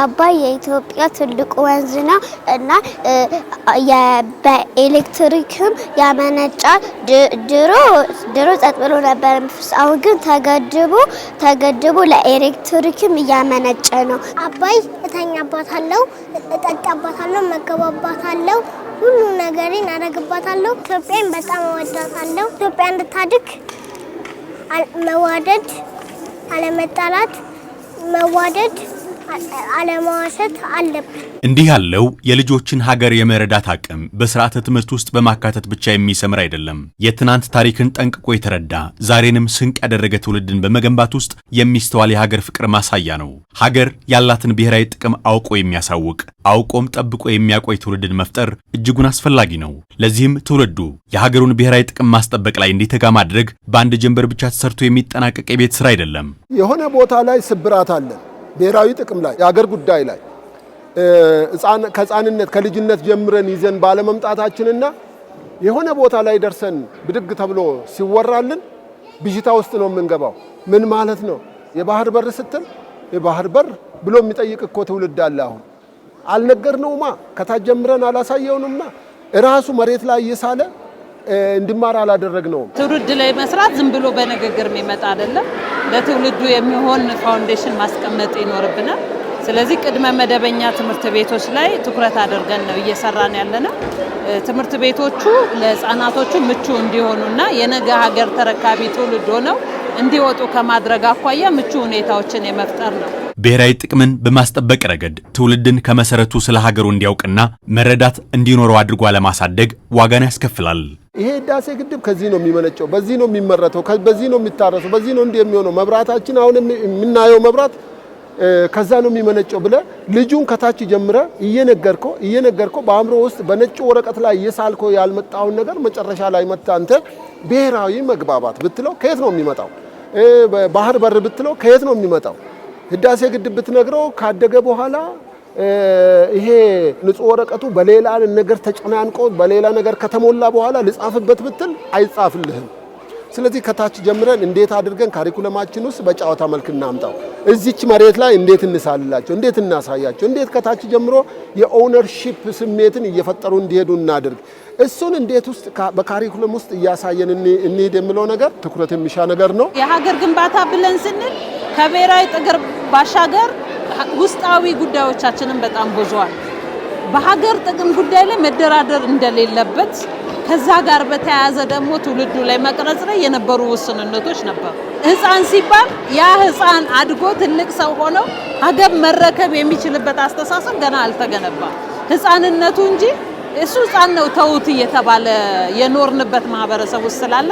አባይ የኢትዮጵያ ትልቁ ወንዝ ነው እና በኤሌክትሪክም ያመነጫል። ድሮ ድሮ ጸጥ ብሎ ነበር፣ አሁን ግን ተገድቦ ተገድቦ ለኤሌክትሪክም እያመነጨ ነው። አባይ እተኛባታለሁ፣ እጠጣባታለሁ፣ መገባባታለሁ፣ ሁሉ ነገሬን አደርግባታለሁ። ኢትዮጵያን በጣም እወዳታለሁ። ኢትዮጵያ እንድታድግ መዋደድ፣ አለመጣላት፣ መዋደድ አለመዋሸት አለብን። እንዲህ ያለው የልጆችን ሀገር የመረዳት አቅም በስርዓተ ትምህርት ውስጥ በማካተት ብቻ የሚሰምር አይደለም። የትናንት ታሪክን ጠንቅቆ የተረዳ ዛሬንም ስንቅ ያደረገ ትውልድን በመገንባት ውስጥ የሚስተዋል የሀገር ፍቅር ማሳያ ነው። ሀገር ያላትን ብሔራዊ ጥቅም አውቆ የሚያሳውቅ አውቆም ጠብቆ የሚያቆይ ትውልድን መፍጠር እጅጉን አስፈላጊ ነው። ለዚህም ትውልዱ የሀገሩን ብሔራዊ ጥቅም ማስጠበቅ ላይ እንዲተጋ ማድረግ በአንድ ጀንበር ብቻ ተሰርቶ የሚጠናቀቅ የቤት ስራ አይደለም። የሆነ ቦታ ላይ ስብራት አለን ብሔራዊ ጥቅም ላይ የአገር ጉዳይ ላይ ከህፃንነት ከልጅነት ጀምረን ይዘን ባለመምጣታችንና የሆነ ቦታ ላይ ደርሰን ብድግ ተብሎ ሲወራልን ብዥታ ውስጥ ነው የምንገባው። ምን ማለት ነው የባህር በር ስትል የባህር በር ብሎ የሚጠይቅ እኮ ትውልድ አለ። አሁን አልነገርነውማ ከታች ጀምረን አላሳየውንምና እራሱ መሬት ላይ እየሳለ እንድማር አላደረግነውም። ትውልድ ላይ መስራት ዝም ብሎ በንግግር የሚመጣ አይደለም። ለትውልዱ የሚሆን ፋውንዴሽን ማስቀመጥ ይኖርብናል። ስለዚህ ቅድመ መደበኛ ትምህርት ቤቶች ላይ ትኩረት አድርገን ነው እየሰራን ያለነው። ትምህርት ቤቶቹ ለህፃናቶቹ ምቹ እንዲሆኑና የነገ ሀገር ተረካቢ ትውልድ ሆነው እንዲወጡ ከማድረግ አኳያ ምቹ ሁኔታዎችን የመፍጠር ነው። ብሔራዊ ጥቅምን በማስጠበቅ ረገድ ትውልድን ከመሰረቱ ስለ ሀገሩ እንዲያውቅና መረዳት እንዲኖረው አድርጎ ለማሳደግ ዋጋን ያስከፍላል። ይሄ ህዳሴ ግድብ ከዚህ ነው የሚመነጨው፣ በዚህ ነው የሚመረተው፣ በዚህ ነው የሚታረሰው፣ በዚህ ነው እንዲህ የሚሆነው። መብራታችን አሁን የምናየው መብራት ከዛ ነው የሚመነጨው ብለ ልጁን ከታች ጀምረ እየነገርኮ እየነገርኮ በአእምሮ ውስጥ በነጭ ወረቀት ላይ እየሳልኮ ያልመጣውን ነገር መጨረሻ ላይ መታ አንተ ብሔራዊ መግባባት ብትለው ከየት ነው የሚመጣው? ባህር በር ብትለው ከየት ነው የሚመጣው? ህዳሴ ግድብ ብትነግረው ካደገ በኋላ ይሄ ንጹህ ወረቀቱ በሌላ ነገር ተጨናንቆ በሌላ ነገር ከተሞላ በኋላ ልጻፍበት ብትል አይጻፍልህም። ስለዚህ ከታች ጀምረን እንዴት አድርገን ካሪኩለማችን ውስጥ በጨዋታ መልክ እናምጣው፣ እዚች መሬት ላይ እንዴት እንሳልላቸው፣ እንዴት እናሳያቸው፣ እንዴት ከታች ጀምሮ የኦውነርሺፕ ስሜትን እየፈጠሩ እንዲሄዱ እናድርግ። እሱን እንዴት ውስጥ በካሪኩለም ውስጥ እያሳየን እንሄድ የሚለው ነገር ትኩረት የሚሻ ነገር ነው። የሀገር ግንባታ ብለን ስንል ከብሔራዊ ባሻገር ውስጣዊ ጉዳዮቻችንን በጣም ጎዟል። በሀገር ጥቅም ጉዳይ ላይ መደራደር እንደሌለበት ከዛ ጋር በተያያዘ ደግሞ ትውልዱ ላይ መቅረጽ ላይ የነበሩ ውስንነቶች ነበሩ። ህፃን ሲባል ያ ህፃን አድጎ ትልቅ ሰው ሆነው ሀገር መረከብ የሚችልበት አስተሳሰብ ገና አልተገነባም። ህፃንነቱ እንጂ እሱ ህፃን ነው ተውት እየተባለ የኖርንበት ማህበረሰብ ውስጥ ስላለ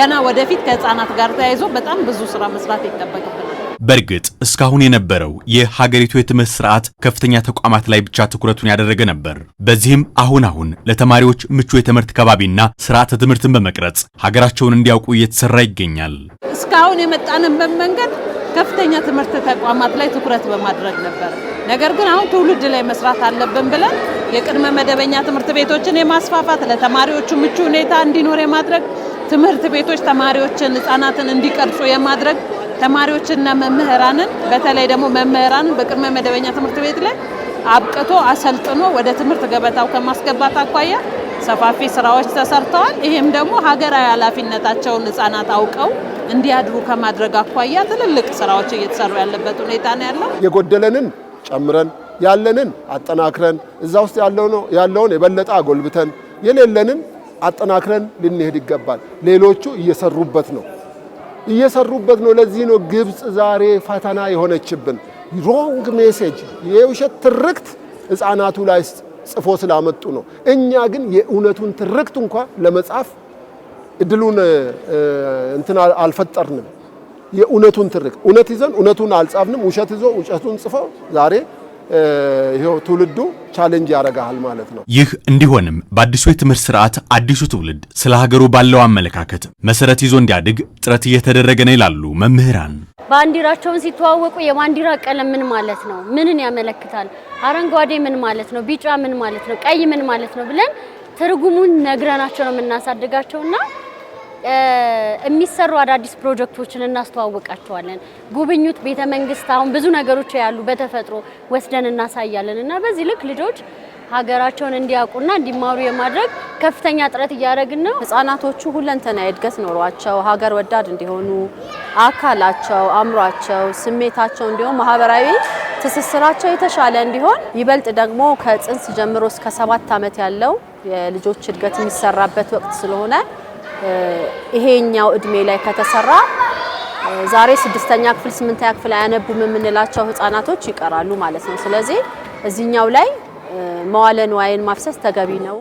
ገና ወደፊት ከህፃናት ጋር ተያይዞ በጣም ብዙ ስራ መስራት ይጠበቅበታል። በእርግጥ እስካሁን የነበረው የሀገሪቱ የትምህርት ስርዓት ከፍተኛ ተቋማት ላይ ብቻ ትኩረቱን ያደረገ ነበር። በዚህም አሁን አሁን ለተማሪዎች ምቹ የትምህርት ከባቢና ስርዓተ ትምህርትን በመቅረጽ ሀገራቸውን እንዲያውቁ እየተሰራ ይገኛል። እስካሁን የመጣንበት መንገድ ከፍተኛ ትምህርት ተቋማት ላይ ትኩረት በማድረግ ነበር። ነገር ግን አሁን ትውልድ ላይ መስራት አለብን ብለን የቅድመ መደበኛ ትምህርት ቤቶችን የማስፋፋት ለተማሪዎቹ ምቹ ሁኔታ እንዲኖር የማድረግ ትምህርት ቤቶች ተማሪዎችን፣ ህጻናትን እንዲቀርጹ የማድረግ ተማሪዎችና መምህራንን በተለይ ደግሞ መምህራንን በቅድመ መደበኛ ትምህርት ቤት ላይ አብቅቶ አሰልጥኖ ወደ ትምህርት ገበታው ከማስገባት አኳያ ሰፋፊ ስራዎች ተሰርተዋል። ይህም ደግሞ ሀገራዊ ኃላፊነታቸውን ህጻናት አውቀው እንዲያድሩ ከማድረግ አኳያ ትልልቅ ስራዎች እየተሰሩ ያለበት ሁኔታ ነው ያለው። የጎደለንን ጨምረን ያለንን አጠናክረን እዛ ውስጥ ያለውን የበለጠ አጎልብተን የሌለንን አጠናክረን ልንሄድ ይገባል። ሌሎቹ እየሰሩበት ነው። እየሰሩበት ነው። ለዚህ ነው ግብፅ ዛሬ ፈተና የሆነችብን። ሮንግ ሜሴጅ የውሸት ትርክት ህፃናቱ ላይ ጽፎ ስላመጡ ነው። እኛ ግን የእውነቱን ትርክት እንኳ ለመጻፍ እድሉን እንትን አልፈጠርንም። የእውነቱን ትርክት እውነት ይዘን እውነቱን አልጻፍንም። ውሸት ይዞ ውሸቱን ጽፎ ዛሬ ይኸው ትውልዱ ቻሌንጅ ያደርጋል ማለት ነው። ይህ እንዲሆንም በአዲሱ የትምህርት ስርዓት አዲሱ ትውልድ ስለ ሀገሩ ባለው አመለካከት መሰረት ይዞ እንዲያድግ ጥረት እየተደረገ ነው ይላሉ መምህራን። ባንዲራቸውን ሲተዋወቁ የባንዲራ ቀለም ምን ማለት ነው? ምንን ያመለክታል? አረንጓዴ ምን ማለት ነው? ቢጫ ምን ማለት ነው? ቀይ ምን ማለት ነው? ብለን ትርጉሙን ነግረናቸው ነው የምናሳድጋቸውና የሚሰሩ አዳዲስ ፕሮጀክቶችን እናስተዋውቃቸዋለን። ጉብኝት ቤተ መንግስት፣ አሁን ብዙ ነገሮች ያሉ በተፈጥሮ ወስደን እናሳያለን እና በዚህ ልክ ልጆች ሀገራቸውን እንዲያውቁና እንዲማሩ የማድረግ ከፍተኛ ጥረት እያደረግን ነው። ህጻናቶቹ ሁለንተና እድገት ኖሯቸው ሀገር ወዳድ እንዲሆኑ አካላቸው፣ አእምሯቸው፣ ስሜታቸው እንዲሁም ማህበራዊ ትስስራቸው የተሻለ እንዲሆን ይበልጥ ደግሞ ከጽንስ ጀምሮ እስከ ሰባት ዓመት ያለው የልጆች እድገት የሚሰራበት ወቅት ስለሆነ ይሄኛው እድሜ ላይ ከተሰራ ዛሬ ስድስተኛ ክፍል ስምንተኛ ክፍል አያነቡም የምንላቸው ህጻናቶች ይቀራሉ ማለት ነው። ስለዚህ እዚህኛው ላይ መዋለ ንዋይን ማፍሰስ ተገቢ ነው።